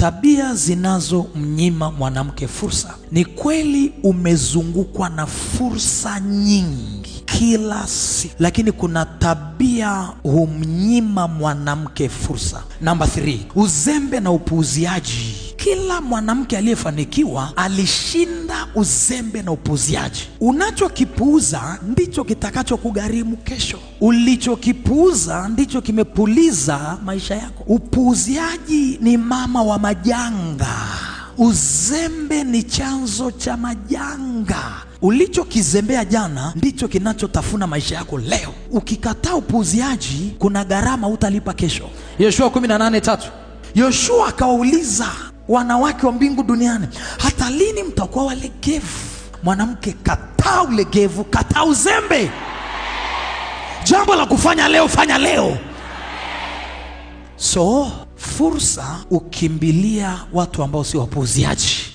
Tabia zinazomnyima mwanamke fursa. Ni kweli umezungukwa na fursa nyingi kila siku, lakini kuna tabia humnyima mwanamke fursa. Namba 3, uzembe na upuuziaji. Kila mwanamke aliyefanikiwa alishinda uzembe na upuuziaji. Unachokipuuza ndicho kitakachokugharimu kesho. Ulichokipuuza ndicho kimepuliza maisha yako. Upuuziaji ni mama wa majanga. Uzembe ni chanzo cha majanga. Ulichokizembea jana ndicho kinachotafuna maisha yako leo. Ukikataa upuuziaji, kuna gharama utalipa kesho. Yoshua 18:3. Yoshua akawauliza wanawake wa mbingu duniani, hata lini mtakuwa walegevu? Mwanamke, kataa ulegevu, kataa uzembe. Jambo la kufanya leo, fanya leo. So fursa ukimbilia watu ambao si wapuuziaji.